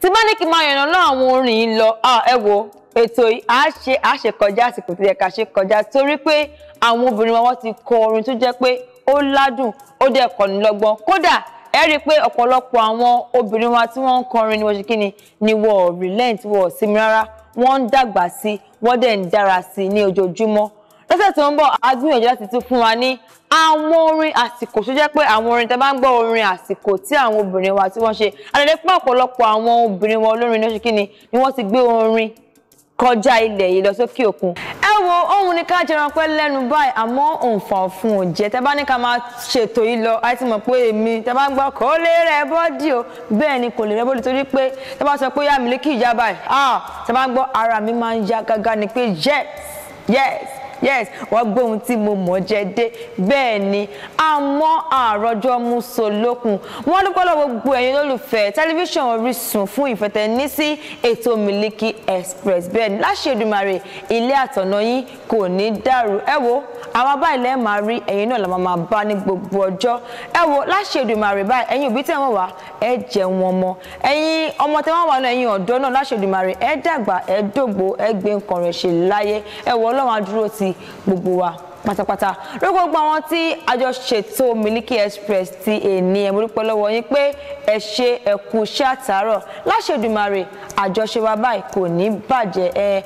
tí bá ní kí n máa yànnà náà àwọn orin yìí lọ ẹ wo ètò àṣe àṣe kọjá àsìkò tó yẹ ká ṣe kọjá torí pé àwọn obìnrin wa wọ́n ti kọ orin tó jẹ́ pé ó ládùn ó dẹ̀ kọ́ni lọ́gbọ́n kódà ẹ rí i pé ọ̀pọ̀lọpọ̀ àwọn obìnrin wa tí wọ́n ń kọrin ni wọ́n ṣe kí ni wọ́n relent wọ́n sinmi rárá wọ́n ń dàgbà sí wọ́n dẹ̀ ń dára sí ní ojoojúmọ́ lọ́sẹ̀ tó ń bọ̀ àádúgbìyànjú láti tún fún wa ní àwọn orin àsìkò tó jẹ́ pé àwọn orin tẹ́ bá ń gbọ́ orin àsìkò tí àwọn obìnrin wa tí wọ́n ṣe àdàdé pé ọ̀pọ̀lọpọ̀ àwọn obìnrin wa olórin ló kí ni ni wọ́n ti gbé orin kọjá ilẹ̀ yìí lọ sókè òkun. ẹ wo ohun ni ká jẹran pẹ́ lẹ́nu báyìí àmọ́ òǹfà fún òjẹ́ tẹ́ bá ní ká máa ṣètò yìí lọ àti mọ̀ pé èmi tẹ́ bá ń gbọ́ kò lè rẹ bọ́dì o bẹ́ẹ̀ ni kò lè rẹ bọ́dì torí pé tẹ́ bá sọ pé yá mi lè kí ìjà báyìí ah, tẹ́ bá ń gbọ́ ara mi máa ń ya gágá ni pé yes yes yes wọ́n gbé ohun tí mo mọ̀ jẹ dé bẹ́ẹ̀ ni àmọ́ àròjọ muso lókun wọ́n dúpẹ́ lọ́wọ́ gbogbo ẹ̀yin olólùfẹ́ tẹlifíṣàn Orísun fún ìfẹ̀tẹ̀ní sí ètò Miliki Express bẹ́ẹ̀ ni láṣẹ Èdùmàrè ilé àtọ̀nà yín kò ní dàrú ẹ wo àwa báyìí lẹ́ẹ̀ máa rí ẹ̀yin náà la máa bá ní gbogbo ọjọ́ ẹ wo láṣẹ Èdùmàrè báyìí ẹ̀yin òbí tẹ̀ wọ́n wá ẹ jẹ wọn mọ́ ẹ̀yin ọmọ tẹ̀ wọ́n wá náà ẹ̀yin ọ̀dọ́ náà láṣẹ Èdùmàrè ẹ dàgbà ẹ dògbò ẹ gbé nǹkan rẹ̀ ṣe láyé ẹ wọ Ọlọ́run á dúró ti gbogbo wa pátápátá lórí gbogbo àwọn tí a jọ ṣètò Miliki Express ti èní ẹ mo dúpẹ́ lọ́wọ́ yín pé ẹ ṣe ẹ iṣẹ́ àtàárọ̀ láṣẹ Èdùmàrè àjọṣe wa báyìí kò ní bàjẹ́ ẹ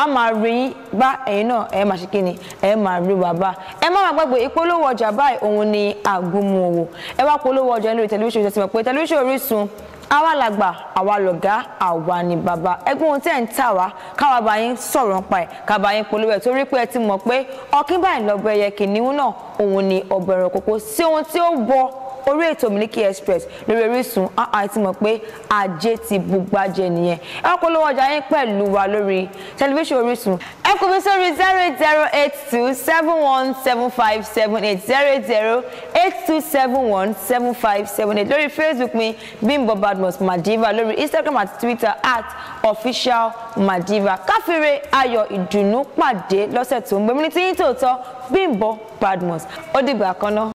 a máa rí bá ẹ̀yin náà ẹ máa ṣe kíni ẹ máa rí wa bá ẹ má máa gbàgbé ìpolówó ọjà báyìí òun ni àgùnmu òwò ẹ wá polówó ọjà lórí tẹlifíṣàn ìṣẹ́ ti mọ̀ pé tẹlifíṣàn Orísun àwa làgbà àwa lọ̀gá àwa ni bàbá ẹgbẹ́ ohun tí ẹ̀ ń tà wá káwa bá yín sọ̀rọ̀ nípa ẹ̀ kábà yín polówó ẹ̀ torí pé ẹ ti mọ̀ pé ọkín báyìí lọ́bẹ̀ yẹ kìnìún náà òun ni ọ̀bẹ̀rẹ̀ kòkó sí ohun tí ó wọ orí ètò Miliki Express lórí Orísun ahàn ti mọ̀ pé ajé ti bugbájẹ nìyẹn ẹ wọ́n polówó ọjà yín pẹ̀lú wa lórí tẹlifíṣàn Orísun ẹ kò fi sórí zero eight zero eight two seven one seven five seven eight zero eight zero eight two seven one seven five seven eight lórí Facebook mi Bimbo Badmus Madiva lórí Instagram àti Twitter at official Madiva káfíńre ayọ̀ ìdùnnú pàdé lọ́sẹ̀ tó ń gbé mi ní tí yín tòótọ́ Bimbo Badmus ó dìgbà kan náà.